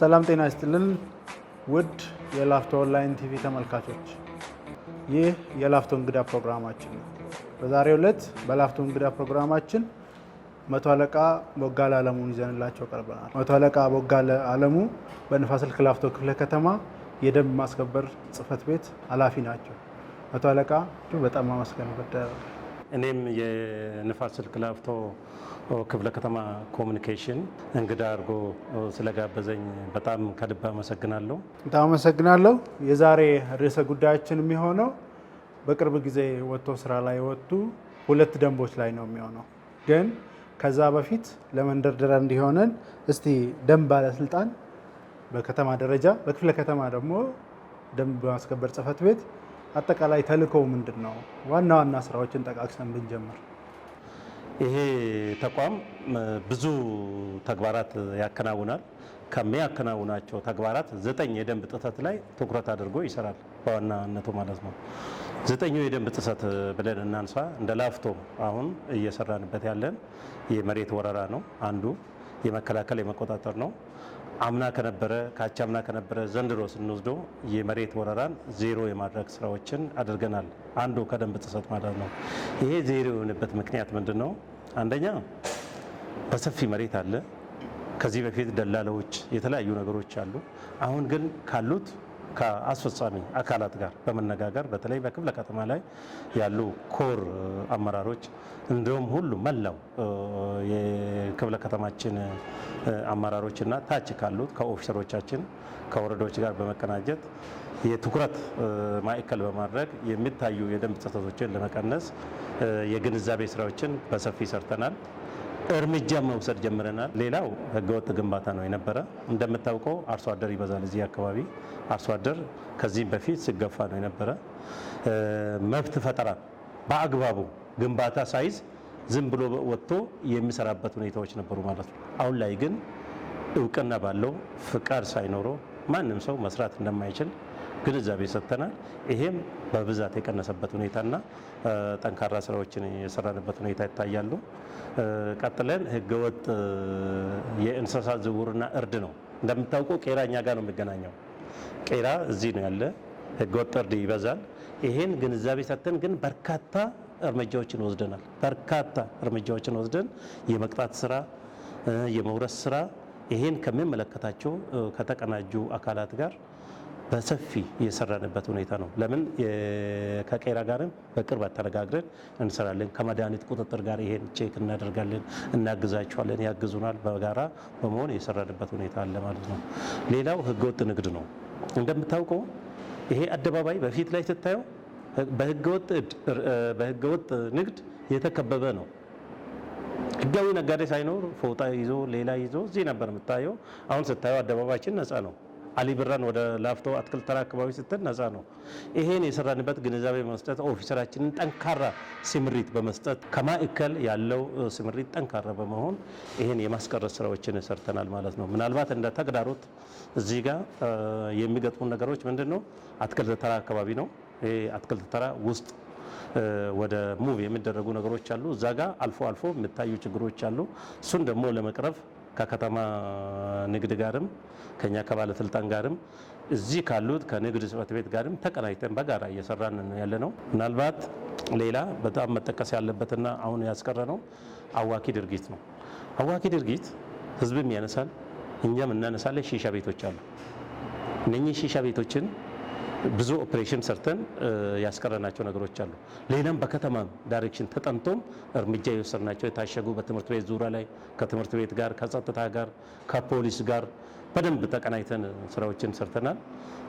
ሰላም ጤና ይስጥልን ውድ የላፍቶ ኦንላይን ቲቪ ተመልካቾች፣ ይህ የላፍቶ እንግዳ ፕሮግራማችን ነው። በዛሬው ዕለት በላፍቶ እንግዳ ፕሮግራማችን መቶ አለቃ ቦጋለ አለሙን ይዘንላቸው ቀርበናል። መቶ አለቃ ቦጋለ አለሙ በንፋስ ስልክ ላፍቶ ክፍለ ከተማ የደንብ ማስከበር ጽፈት ቤት ኃላፊ ናቸው። መቶ አለቃ በጣም ማመስገን እኔም የንፋስ ስልክ ላፍቶ ክፍለ ከተማ ኮሚኒኬሽን እንግዳ አድርጎ ስለጋበዘኝ በጣም ከልብ አመሰግናለሁ። በጣም አመሰግናለሁ። የዛሬ ርዕሰ ጉዳያችን የሚሆነው በቅርብ ጊዜ ወጥቶ ስራ ላይ የወጡ ሁለት ደንቦች ላይ ነው የሚሆነው። ግን ከዛ በፊት ለመንደርደሪያ እንዲሆነን እስቲ ደንብ ባለስልጣን በከተማ ደረጃ በክፍለ ከተማ ደግሞ ደንብ በማስከበር ጽህፈት ቤት አጠቃላይ ተልእኮው ምንድን ነው? ዋና ዋና ስራዎችን ጠቃቅሰን ብንጀምር። ይሄ ተቋም ብዙ ተግባራት ያከናውናል። ከሚያከናውናቸው ተግባራት ዘጠኝ የደንብ ጥሰት ላይ ትኩረት አድርጎ ይሰራል፣ በዋናነቱ ማለት ነው። ዘጠኙ የደንብ ጥሰት ብለን እናንሳ። እንደ ላፍቶ አሁን እየሰራንበት ያለን የመሬት ወረራ ነው አንዱ፣ የመከላከል የመቆጣጠር ነው። አምና ከነበረ አምና ከነበረ ዘንድሮ ስንወስደው የመሬት ወረራን ዜሮ የማድረግ ስራዎችን አድርገናል። አንዱ ከደንብ ጥሰት ማለት ነው። ይሄ ዜሮ የሆነበት ምክንያት ምንድን ነው? አንደኛ በሰፊ መሬት አለ። ከዚህ በፊት ደላላዎች የተለያዩ ነገሮች አሉ። አሁን ግን ካሉት ከአስፈጻሚ አካላት ጋር በመነጋገር በተለይ በክፍለ ከተማ ላይ ያሉ ኮር አመራሮች እንዲሁም ሁሉ መላው የክፍለ ከተማችን አመራሮች ና ታች ካሉት ከኦፊሰሮቻችን ከወረዳዎች ጋር በመቀናጀት የትኩረት ማዕከል በማድረግ የሚታዩ የደንብ ጥሰቶችን ለመቀነስ የግንዛቤ ስራዎችን በሰፊ ሰርተናል። እርምጃ መውሰድ ጀምረናል። ሌላው ህገወጥ ግንባታ ነው የነበረ። እንደምታውቀው አርሶ አደር ይበዛል እዚህ አካባቢ። አርሶ አደር ከዚህም በፊት ሲገፋ ነው የነበረ። መብት ፈጠራ በአግባቡ ግንባታ ሳይዝ ዝም ብሎ ወጥቶ የሚሰራበት ሁኔታዎች ነበሩ ማለት ነው። አሁን ላይ ግን እውቅና ባለው ፍቃድ ሳይኖረው ማንም ሰው መስራት እንደማይችል ግንዛቤ ሰጥተናል። ይሄም በብዛት የቀነሰበት ሁኔታና ጠንካራ ስራዎችን የሰራንበት ሁኔታ ይታያሉ። ቀጥለን ህገወጥ የእንስሳት ዝውውርና እርድ ነው። እንደምታውቀው ቄራ እኛ ጋር ነው የሚገናኘው። ቄራ እዚህ ነው ያለ። ህገወጥ እርድ ይበዛል። ይሄን ግንዛቤ ሰጥተን ግን በርካታ እርምጃዎችን ወስደናል። በርካታ እርምጃዎችን ወስደን የመቅጣት ስራ፣ የመውረስ ስራ ይሄን ከሚመለከታቸው ከተቀናጁ አካላት ጋር በሰፊ እየሰራንበት ሁኔታ ነው። ለምን ከቄራ ጋርም በቅርብ ተነጋግረን እንሰራለን። ከመድኃኒት ቁጥጥር ጋር ይሄን ቼክ እናደርጋለን፣ እናግዛቸዋለን፣ ያግዙናል። በጋራ በመሆን የሰራንበት ሁኔታ አለ ማለት ነው። ሌላው ህገወጥ ንግድ ነው። እንደምታውቀው ይሄ አደባባይ በፊት ላይ ስታየው በህገወጥ ንግድ የተከበበ ነው። ህጋዊ ነጋዴ ሳይኖር ፎጣ ይዞ ሌላ ይዞ እዚህ ነበር የምታየው። አሁን ስታየው አደባባያችን ነፃ ነው። አሊ ብራን ወደ ላፍቶ አትክልት ተራ አካባቢ ስትል ነጻ ነው። ይሄን የሰራንበት ግንዛቤ በመስጠት ኦፊሰራችንን ጠንካራ ስምሪት በመስጠት ከማዕከል ያለው ስምሪት ጠንካራ በመሆን ይሄን የማስቀረት ስራዎችን ሰርተናል ማለት ነው። ምናልባት እንደ ተግዳሮት እዚህ ጋር የሚገጥሙ ነገሮች ምንድን ነው? አትክልት ተራ አካባቢ ነው። ይሄ አትክልት ተራ ውስጥ ወደ ሙቭ የሚደረጉ ነገሮች አሉ። እዛ ጋር አልፎ አልፎ የሚታዩ ችግሮች አሉ። እሱን ደግሞ ለመቅረፍ ከከተማ ንግድ ጋርም ከኛ ከባለስልጣን ጋርም እዚህ ካሉት ከንግድ ጽሕፈት ቤት ጋርም ተቀናጅተን በጋራ እየሰራን ያለ ነው። ምናልባት ሌላ በጣም መጠቀስ ያለበትና አሁን ያስቀረ ነው አዋኪ ድርጊት ነው። አዋኪ ድርጊት ህዝብም ያነሳል፣ እኛም እናነሳለን። ሺሻ ቤቶች አሉ። እነኚህ ሺሻ ቤቶችን ብዙ ኦፕሬሽን ሰርተን ያስቀረናቸው ነገሮች አሉ። ሌላም በከተማ ዳይሬክሽን ተጠንቶም እርምጃ የወሰድናቸው የታሸጉ በትምህርት ቤት ዙሪያ ላይ ከትምህርት ቤት ጋር ከጸጥታ ጋር ከፖሊስ ጋር በደንብ ተቀናይተን ስራዎችን ሰርተናል።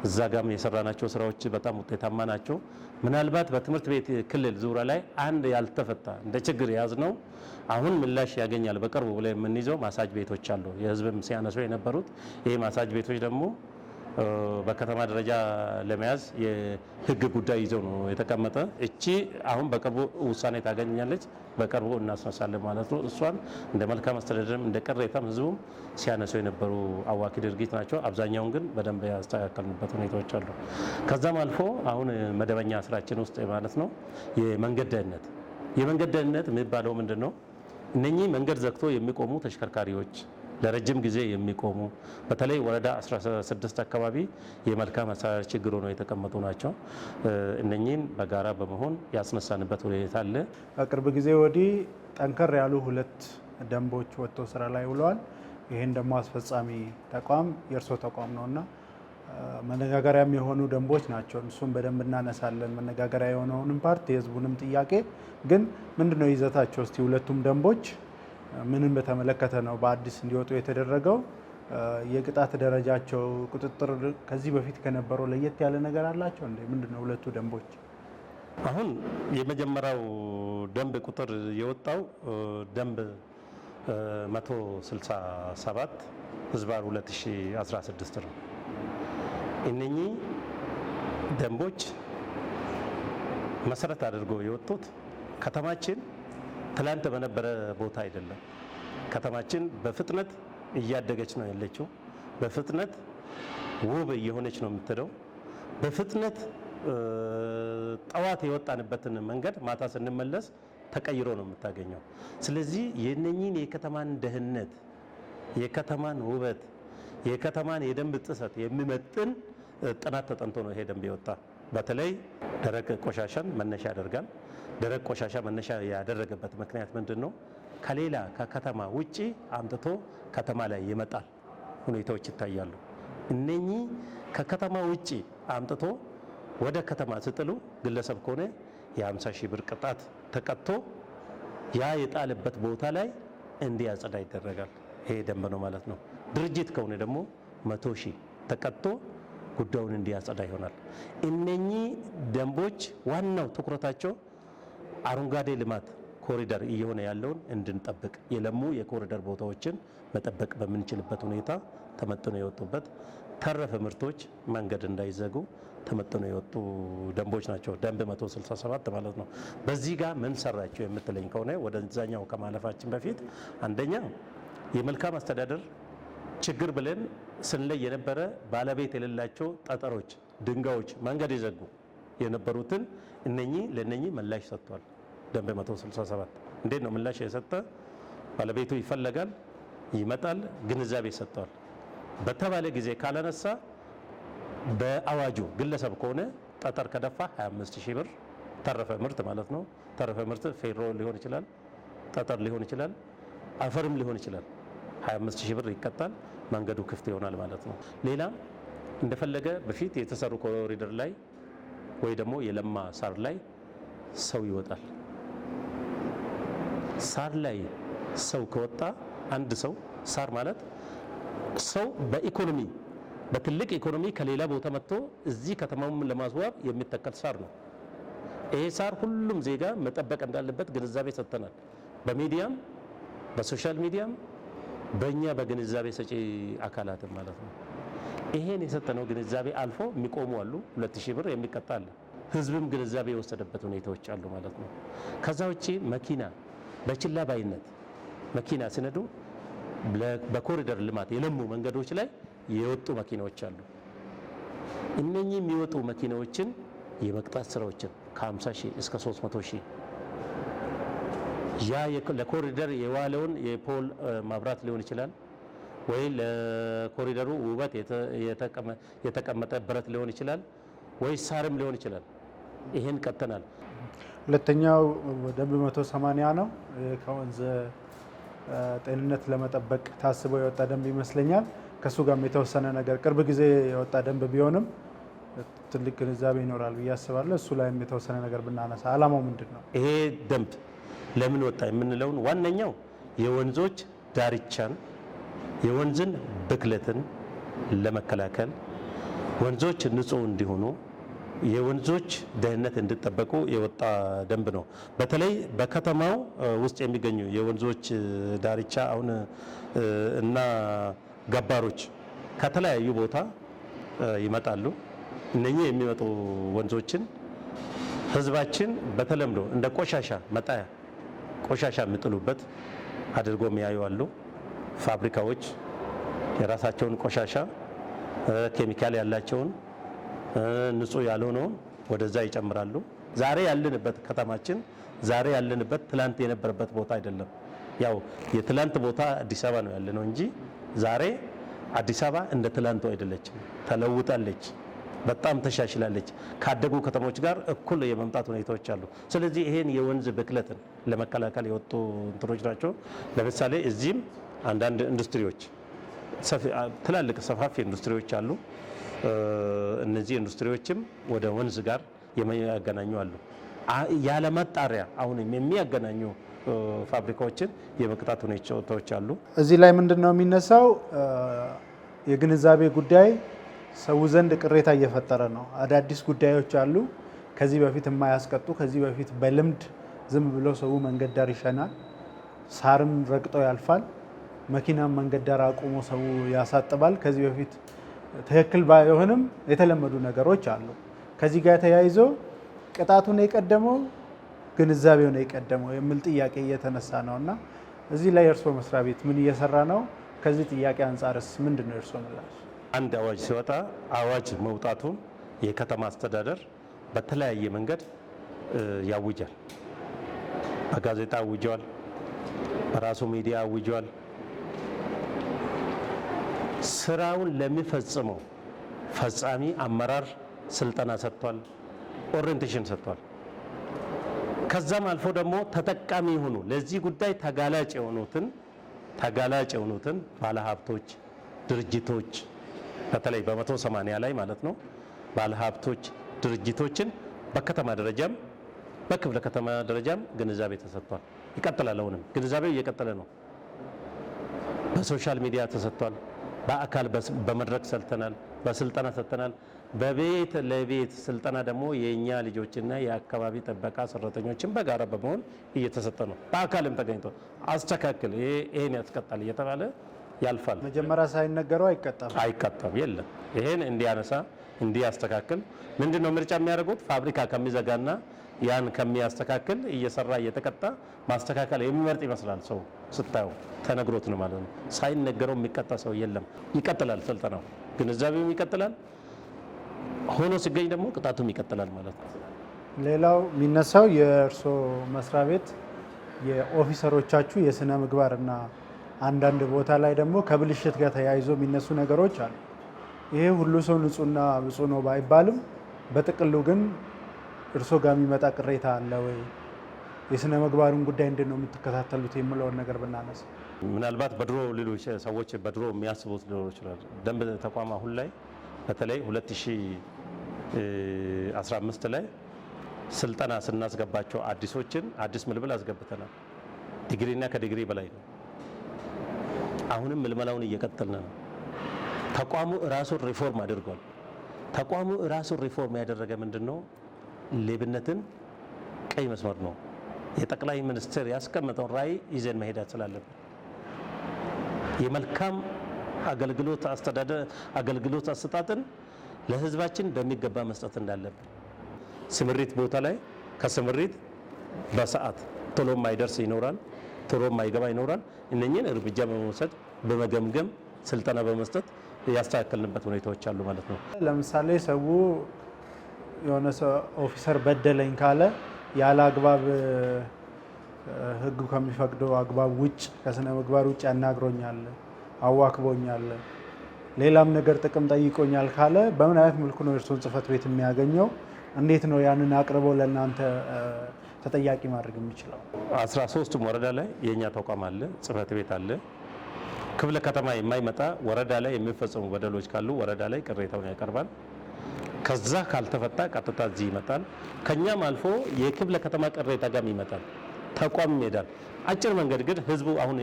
እዛ ጋም የሰራናቸው ስራዎች በጣም ውጤታማ ናቸው። ምናልባት በትምህርት ቤት ክልል ዙሪያ ላይ አንድ ያልተፈታ እንደ ችግር የያዝነው አሁን ምላሽ ያገኛል በቅርቡ ብለን የምንይዘው ማሳጅ ቤቶች አሉ። የህዝብም ሲያነሱ የነበሩት ይህ ማሳጅ ቤቶች ደግሞ በከተማ ደረጃ ለመያዝ የህግ ጉዳይ ይዘው ነው የተቀመጠ። እቺ አሁን በቅርቡ ውሳኔ ታገኛለች፣ በቅርቡ እናስነሳለን ማለት ነው። እሷን እንደ መልካም አስተዳደርም እንደ ቅሬታም ህዝቡም ሲያነሱ የነበሩ አዋኪ ድርጊት ናቸው። አብዛኛውን ግን በደንብ ያስተካከልንበት ሁኔታዎች አሉ። ከዛም አልፎ አሁን መደበኛ ስራችን ውስጥ ማለት ነው የመንገድ ደህንነት የመንገድ ደህንነት የሚባለው ምንድን ነው? እነኚህ መንገድ ዘግቶ የሚቆሙ ተሽከርካሪዎች ለረጅም ጊዜ የሚቆሙ በተለይ ወረዳ 16 አካባቢ የመልካም አስተዳደር ችግር ሆነው የተቀመጡ ናቸው። እነኚህን በጋራ በመሆን ያስነሳንበት ሁኔታ አለ። ከቅርብ ጊዜ ወዲህ ጠንከር ያሉ ሁለት ደንቦች ወጥተው ስራ ላይ ውለዋል። ይህን ደግሞ አስፈጻሚ ተቋም የእርሶ ተቋም ነውና መነጋገሪያም የሆኑ ደንቦች ናቸው። እሱም በደንብ እናነሳለን። መነጋገሪያ የሆነውንም ፓርት የህዝቡንም ጥያቄ ግን ምንድነው ይዘታቸው? እስቲ ሁለቱም ደንቦች ምንም በተመለከተ ነው በአዲስ እንዲወጡ የተደረገው። የቅጣት ደረጃቸው ቁጥጥር ከዚህ በፊት ከነበረው ለየት ያለ ነገር አላቸው እንዴ? ምንድን ነው ሁለቱ ደንቦች? አሁን የመጀመሪያው ደንብ ቁጥር የወጣው ደንብ 167 ህዝባር 2016 ነው። እነኚህ ደንቦች መሰረት አድርገው የወጡት ከተማችን ትላንት በነበረ ቦታ አይደለም። ከተማችን በፍጥነት እያደገች ነው ያለችው። በፍጥነት ውብ እየሆነች ነው የምትለው። በፍጥነት ጠዋት የወጣንበትን መንገድ ማታ ስንመለስ ተቀይሮ ነው የምታገኘው። ስለዚህ የነኚህን የከተማን ደህንነት፣ የከተማን ውበት፣ የከተማን የደንብ ጥሰት የሚመጥን ጥናት ተጠንቶ ነው ይሄ ደንብ የወጣ። በተለይ ደረቅ ቆሻሻን መነሻ ያደርጋል። ደረቅ ቆሻሻ መነሻ ያደረገበት ምክንያት ምንድን ነው? ከሌላ ከከተማ ውጪ አምጥቶ ከተማ ላይ ይመጣል ሁኔታዎች ይታያሉ። እነኚህ ከከተማ ውጪ አምጥቶ ወደ ከተማ ስጥሉ ግለሰብ ከሆነ የ50 ሺህ ብር ቅጣት ተቀጥቶ ያ የጣለበት ቦታ ላይ እንዲያጸዳ ይደረጋል። ይሄ ደንብ ነው ማለት ነው። ድርጅት ከሆነ ደግሞ መቶ ሺህ ተቀጥቶ ጉዳዩን እንዲያጸዳ ይሆናል። እነኚህ ደንቦች ዋናው ትኩረታቸው አረንጓዴ ልማት ኮሪደር እየሆነ ያለውን እንድንጠብቅ የለሙ የኮሪደር ቦታዎችን መጠበቅ በምንችልበት ሁኔታ ተመጥኖ የወጡበት ተረፈ ምርቶች መንገድ እንዳይዘጉ ተመጥኖ የወጡ ደንቦች ናቸው። ደንብ 167 ማለት ነው። በዚህ ጋር ምን ሰራቸው የምትለኝ ከሆነ ወደዛኛው ከማለፋችን በፊት አንደኛ የመልካም አስተዳደር ችግር ብለን ስንለይ የነበረ ባለቤት የሌላቸው ጠጠሮች፣ ድንጋዮች መንገድ ይዘጉ የነበሩትን እነኚህ ለነኚህ ምላሽ ሰጥቷል። ደንብ 167 እንዴት ነው ምላሽ የሰጠ ባለቤቱ ይፈለጋል፣ ይመጣል፣ ግንዛቤ ይሰጠዋል። በተባለ ጊዜ ካለነሳ በአዋጁ ግለሰብ ከሆነ ጠጠር ከደፋ 25 ሺህ ብር ተረፈ ምርት ማለት ነው። ተረፈ ምርት ፌሮ ሊሆን ይችላል፣ ጠጠር ሊሆን ይችላል፣ አፈርም ሊሆን ይችላል። 25 ሺህ ብር ይቀጣል። መንገዱ ክፍት ይሆናል ማለት ነው። ሌላ እንደፈለገ በፊት የተሰሩ ኮሪደር ላይ ወይ ደግሞ የለማ ሳር ላይ ሰው ይወጣል። ሳር ላይ ሰው ከወጣ አንድ ሰው ሳር ማለት ሰው በኢኮኖሚ በትልቅ ኢኮኖሚ ከሌላ ቦታ መጥቶ እዚህ ከተማውን ለማስዋብ የሚተከል ሳር ነው። ይሄ ሳር ሁሉም ዜጋ መጠበቅ እንዳለበት ግንዛቤ ሰጥተናል። በሚዲያም በሶሻል ሚዲያም በእኛ በግንዛቤ ሰጪ አካላትም ማለት ነው። ይሄን የሰጠነው ግንዛቤ አልፎ የሚቆሙ አሉ። ሁለት ብር የሚቀጣ አለ። ህዝብም ግንዛቤ የወሰደበት ሁኔታዎች አሉ ማለት ነው። ከዛ ውጭ መኪና በችላ ባይነት መኪና ሲነዱ በኮሪደር ልማት የለሙ መንገዶች ላይ የወጡ መኪናዎች አሉ። እነኚህ የሚወጡ መኪናዎችን የመቅጣት ስራዎችን ከ50 ሺህ እስከ 300 ሺህ ያ ለኮሪደር የዋለውን የፖል መብራት ሊሆን ይችላል ወይ ለኮሪደሩ ውበት የተቀመጠ ብረት ሊሆን ይችላል ወይ ሳርም ሊሆን ይችላል። ይህን ቀጥተናል። ሁለተኛው ደንብ 180 ነው። ከወንዝ ጤንነት ለመጠበቅ ታስበው የወጣ ደንብ ይመስለኛል። ከእሱ ጋርም የተወሰነ ነገር ቅርብ ጊዜ የወጣ ደንብ ቢሆንም ትልቅ ግንዛቤ ይኖራል ብዬ አስባለሁ። እሱ ላይም የተወሰነ ነገር ብናነሳ። አላማው ምንድን ነው? ይሄ ደንብ ለምን ወጣ የምንለውን ዋነኛው የወንዞች ዳርቻን የወንዝን ብክለትን ለመከላከል ወንዞች ንጹህ እንዲሆኑ የወንዞች ደህንነት እንዲጠበቁ የወጣ ደንብ ነው። በተለይ በከተማው ውስጥ የሚገኙ የወንዞች ዳርቻ አሁን እና ገባሮች ከተለያዩ ቦታ ይመጣሉ። እነኚህ የሚመጡ ወንዞችን ህዝባችን በተለምዶ እንደ ቆሻሻ መጣያ ቆሻሻ የሚጥሉበት አድርጎ የሚያዩ አሉ። ፋብሪካዎች የራሳቸውን ቆሻሻ ኬሚካል ያላቸውን ንጹህ ያልሆነውን ወደዛ ይጨምራሉ። ዛሬ ያለንበት ከተማችን ዛሬ ያለንበት ትላንት የነበረበት ቦታ አይደለም። ያው የትላንት ቦታ አዲስ አበባ ነው ያለነው እንጂ ዛሬ አዲስ አበባ እንደ ትላንቱ አይደለችም፣ ተለውጣለች፣ በጣም ተሻሽላለች። ካደጉ ከተሞች ጋር እኩል የመምጣት ሁኔታዎች አሉ። ስለዚህ ይሄን የወንዝ ብክለትን ለመከላከል የወጡ እንትኖች ናቸው። ለምሳሌ እዚህም አንዳንድ ኢንዱስትሪዎች ትላልቅ ሰፋፊ ኢንዱስትሪዎች አሉ። እነዚህ ኢንዱስትሪዎችም ወደ ወንዝ ጋር የሚያገናኙ አሉ። ያለመጣሪያ አሁንም የሚያገናኙ ፋብሪካዎችን የመቅጣት ሁኔታዎች አሉ። እዚህ ላይ ምንድን ነው የሚነሳው? የግንዛቤ ጉዳይ ሰው ዘንድ ቅሬታ እየፈጠረ ነው። አዳዲስ ጉዳዮች አሉ። ከዚህ በፊት የማያስቀጡ ከዚህ በፊት በልምድ ዝም ብሎ ሰው መንገድ ዳር ይሸናል፣ ሳርም ረግጦ ያልፋል፣ መኪናም መንገድ ዳር አቁሞ ሰው ያሳጥባል። ከዚህ በፊት ትክክል ባይሆንም የተለመዱ ነገሮች አሉ። ከዚህ ጋር ተያይዞ ቅጣቱን የቀደመው ግንዛቤው ነው የቀደመው የሚል ጥያቄ እየተነሳ ነው እና እዚህ ላይ የእርስዎ መስሪያ ቤት ምን እየሰራ ነው? ከዚህ ጥያቄ አንጻርስ ምንድን ነው የእርስዎ ምላሽ? አንድ አዋጅ ሲወጣ አዋጅ መውጣቱን የከተማ አስተዳደር በተለያየ መንገድ ያውጃል። በጋዜጣ አውጀዋል፣ በራሱ ሚዲያ አውጀዋል። ስራውን ለሚፈጽመው ፈጻሚ አመራር ስልጠና ሰጥቷል፣ ኦሪንቴሽን ሰጥቷል። ከዛም አልፎ ደግሞ ተጠቃሚ የሆኑ ለዚህ ጉዳይ ተጋላጭ የሆኑትን ተጋላጭ የሆኑትን ባለሀብቶች፣ ድርጅቶች በተለይ በመቶ ሰማንያ ላይ ማለት ነው ባለሀብቶች ድርጅቶችን በከተማ ደረጃም በክፍለ ከተማ ደረጃም ግንዛቤ ተሰጥቷል። ይቀጥላል። አሁንም ግንዛቤው እየቀጠለ ነው። በሶሻል ሚዲያ ተሰጥቷል። በአካል በመድረክ ሰልተናል፣ በስልጠና ሰጥተናል። በቤት ለቤት ስልጠና ደግሞ የእኛ ልጆችና የአካባቢ ጥበቃ ሰራተኞችን በጋራ በመሆን እየተሰጠ ነው። በአካልም ተገኝቶ አስተካክል፣ ይሄን ያስቀጣል እየተባለ ያልፋል። መጀመሪያ ሳይነገረው አይቀጣም፣ አይቀጣም የለም። ይሄን እንዲያነሳ እንዲያስተካክል ምንድን ነው ምርጫ የሚያደርጉት ፋብሪካ ከሚዘጋና ያን ከሚያስተካክል እየሰራ እየተቀጣ ማስተካከል የሚመርጥ ይመስላል ሰው ስታዩ ተነግሮት ነው ማለት ነው። ሳይነገረው የሚቀጣ ሰው የለም። ይቀጥላል፣ ስልጠናው ግንዛቤውም ይቀጥላል። ሆኖ ሲገኝ ደግሞ ቅጣቱም ይቀጥላል ማለት ነው። ሌላው የሚነሳው የእርሶ መስሪያ ቤት የኦፊሰሮቻችሁ የስነ ምግባር እና አንዳንድ ቦታ ላይ ደግሞ ከብልሽት ጋር ተያይዞ የሚነሱ ነገሮች አሉ። ይሄ ሁሉ ሰው ንጹህና ብፁህ ነው ባይባልም በጥቅሉ ግን እርሶ ጋር የሚመጣ ቅሬታ አለ ወይ? የስነ ምግባሩን ጉዳይ እንዴት ነው የምትከታተሉት የምለውን ነገር ብናነሳ ምናልባት በድሮ ሌሎች ሰዎች በድሮ የሚያስቡት ሊኖሩ ይችላል። ደንብ ተቋም አሁን ላይ በተለይ 2015 ላይ ስልጠና ስናስገባቸው አዲሶችን አዲስ ምልምል አስገብተናል። ዲግሪና ከዲግሪ በላይ ነው። አሁንም ምልመላውን እየቀጠልን ነው። ተቋሙ እራሱን ሪፎርም አድርጓል። ተቋሙ እራሱን ሪፎርም ያደረገ ምንድን ነው? ሌብነትን ቀይ መስመር ነው የጠቅላይ ሚኒስትር ያስቀመጠውን ራዕይ ይዘን መሄዳት ስላለብን የመልካም አገልግሎት አስተዳደር አገልግሎት አሰጣጥን ለህዝባችን በሚገባ መስጠት እንዳለብን ስምሪት ቦታ ላይ ከስምሪት በሰዓት ቶሎ ማይደርስ ይኖራል፣ ቶሎ ማይገባ ይኖራል። እነኚህን እርምጃ በመውሰድ በመገምገም ስልጠና በመስጠት ያስተካከልንበት ሁኔታዎች አሉ ማለት ነው። ለምሳሌ ሰው የሆነ ሰው ኦፊሰር በደለኝ ካለ ያለ አግባብ ህግ ከሚፈቅደው አግባብ ውጭ ከስነ ምግባር ውጭ ያናግሮኛል፣ አዋክቦኛል፣ ሌላም ነገር ጥቅም ጠይቆኛል ካለ በምን አይነት መልኩ ነው የእርስዎን ጽህፈት ቤት የሚያገኘው? እንዴት ነው ያንን አቅርቦ ለእናንተ ተጠያቂ ማድረግ የሚችለው? አስራ ሶስቱም ወረዳ ላይ የእኛ ተቋም አለ፣ ጽህፈት ቤት አለ። ክፍለ ከተማ የማይመጣ ወረዳ ላይ የሚፈጸሙ በደሎች ካሉ ወረዳ ላይ ቅሬታውን ያቀርባል። ከዛ ካልተፈታ ቀጥታ እዚህ ይመጣል። ከኛም አልፎ የክፍለ ከተማ ቅሬታ ጋም ይመጣል፣ ተቋም ይሄዳል። አጭር መንገድ ግን ህዝቡ አሁን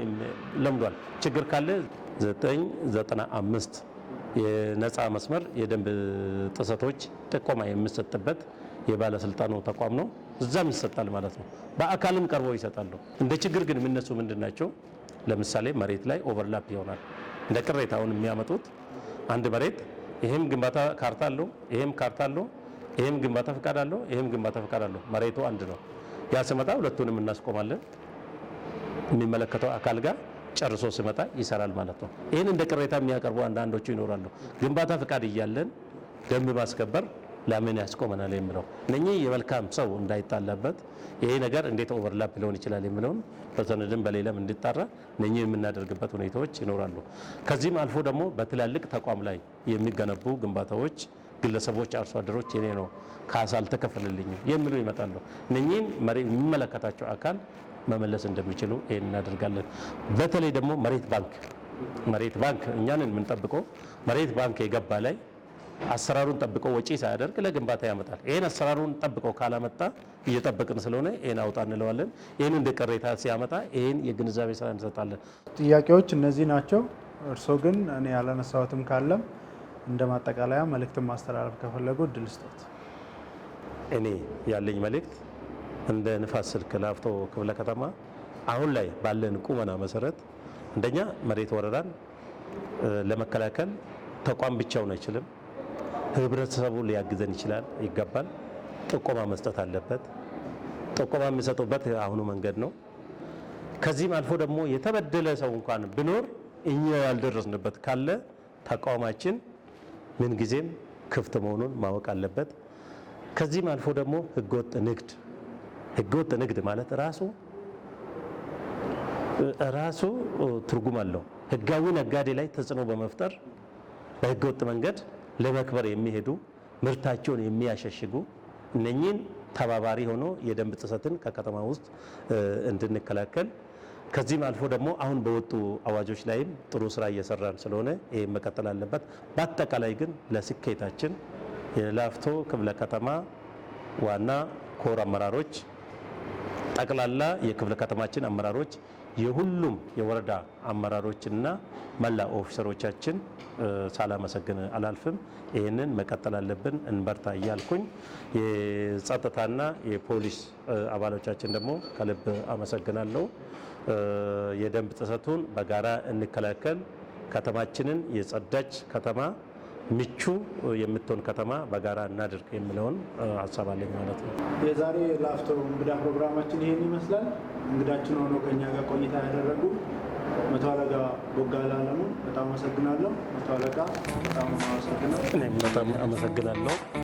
ለምዷል። ችግር ካለ 995 የነፃ መስመር የደንብ ጥሰቶች ጥቆማ የሚሰጥበት የባለስልጣኑ ተቋም ነው። እዛም ይሰጣል ማለት ነው። በአካልም ቀርቦ ይሰጣሉ። እንደ ችግር ግን የሚነሱ ምንድን ናቸው? ለምሳሌ መሬት ላይ ኦቨርላፕ ይሆናል። እንደ አሁን የሚያመጡት አንድ መሬት ይሄም ግንባታ ካርታ አለው፣ ይሄም ካርታ አለው፣ ይሄም ግንባታ ፈቃድ አለው፣ ይሄም ግንባታ ፈቃድ አለው። መሬቱ አንድ ነው። ያ ስመጣ ሁለቱንም እናስቆማለን። የሚመለከተው አካል ጋር ጨርሶ ስመጣ ይሰራል ማለት ነው። ይህን እንደ ቅሬታ የሚያቀርቡ አንዳንዶቹ ይኖራሉ። ግንባታ ፈቃድ እያለን ደንብ ማስከበር ለምን ያስቆመናል የሚለው እነኚህ የመልካም ሰው እንዳይጣላበት ይሄ ነገር እንዴት ኦቨርላፕ ሊሆን ይችላል የሚለውን በሰነድም በሌለም እንዲጣራ እነኚህ የምናደርግበት ሁኔታዎች ይኖራሉ። ከዚህም አልፎ ደግሞ በትላልቅ ተቋም ላይ የሚገነቡ ግንባታዎች ግለሰቦች፣ አርሶ አደሮች የኔ ነው ካሳ አልተከፈለልኝም የሚሉ ይመጣሉ። እነኚህን የሚመለከታቸው አካል መመለስ እንደሚችሉ ይህን እናደርጋለን። በተለይ ደግሞ መሬት ባንክ መሬት ባንክ እኛንን የምንጠብቀው መሬት ባንክ የገባ ላይ አሰራሩን ጠብቆ ወጪ ሳያደርግ ለግንባታ ያመጣል። ይህን አሰራሩን ጠብቆ ካላመጣ እየጠበቅን ስለሆነ ይህን አውጣ እንለዋለን። ይህን እንደ ቅሬታ ሲያመጣ ይህን የግንዛቤ ስራ እንሰጣለን። ጥያቄዎች እነዚህ ናቸው። እርስዎ ግን እኔ ያላነሳሁትም ካለም እንደ ማጠቃለያ መልእክትን ማስተላለፍ ከፈለጉ ድል ስጦት። እኔ ያለኝ መልእክት እንደ ንፋስ ስልክ ላፍቶ ክፍለ ከተማ አሁን ላይ ባለን ቁመና መሰረት አንደኛ መሬት ወረራን ለመከላከል ተቋም ብቻውን አይችልም። ህብረተሰቡ ሊያግዘን ይችላል ይገባል። ጥቆማ መስጠት አለበት። ጥቆማ የሚሰጡበት አሁኑ መንገድ ነው። ከዚህም አልፎ ደግሞ የተበደለ ሰው እንኳን ብኖር እኛ ያልደረስንበት ካለ ተቋማችን ምንጊዜም ክፍት መሆኑን ማወቅ አለበት። ከዚህም አልፎ ደግሞ ህገወጥ ንግድ ህገወጥ ንግድ ማለት ራሱ ራሱ ትርጉም አለው። ህጋዊ ነጋዴ ላይ ተጽዕኖ በመፍጠር በህገወጥ መንገድ ለመክበር የሚሄዱ ምርታቸውን የሚያሸሽጉ እነኚህን ተባባሪ ሆኖ የደንብ ጥሰትን ከከተማ ውስጥ እንድንከላከል ከዚህም አልፎ ደግሞ አሁን በወጡ አዋጆች ላይም ጥሩ ስራ እየሰራን ስለሆነ ይህ መቀጠል አለበት። በአጠቃላይ ግን ለስኬታችን የላፍቶ ክፍለ ከተማ ዋና ኮር አመራሮች፣ ጠቅላላ የክፍለ ከተማችን አመራሮች የሁሉም የወረዳ አመራሮችና መላ ኦፊሰሮቻችን ሳላመሰግን አላልፍም። ይህንን መቀጠል አለብን፣ እንበርታ እያልኩኝ የጸጥታና የፖሊስ አባሎቻችን ደግሞ ከልብ አመሰግናለሁ። የደንብ ጥሰቱን በጋራ እንከላከል፣ ከተማችንን የጸዳች ከተማ ምቹ የምትሆን ከተማ በጋራ እናድርግ የሚለውን ሀሳብ አለኝ ማለት ነው። የዛሬ ላፍቶ እንግዳ ፕሮግራማችን ይህን ይመስላል። እንግዳችን ሆኖ ከኛ ጋር ቆይታ ያደረጉ መቶ አለቃ ቦጋለ አለሙ በጣም አመሰግናለሁ። መቶ አለቃ በጣም አመሰግናለሁ። እኔም በጣም አመሰግናለሁ።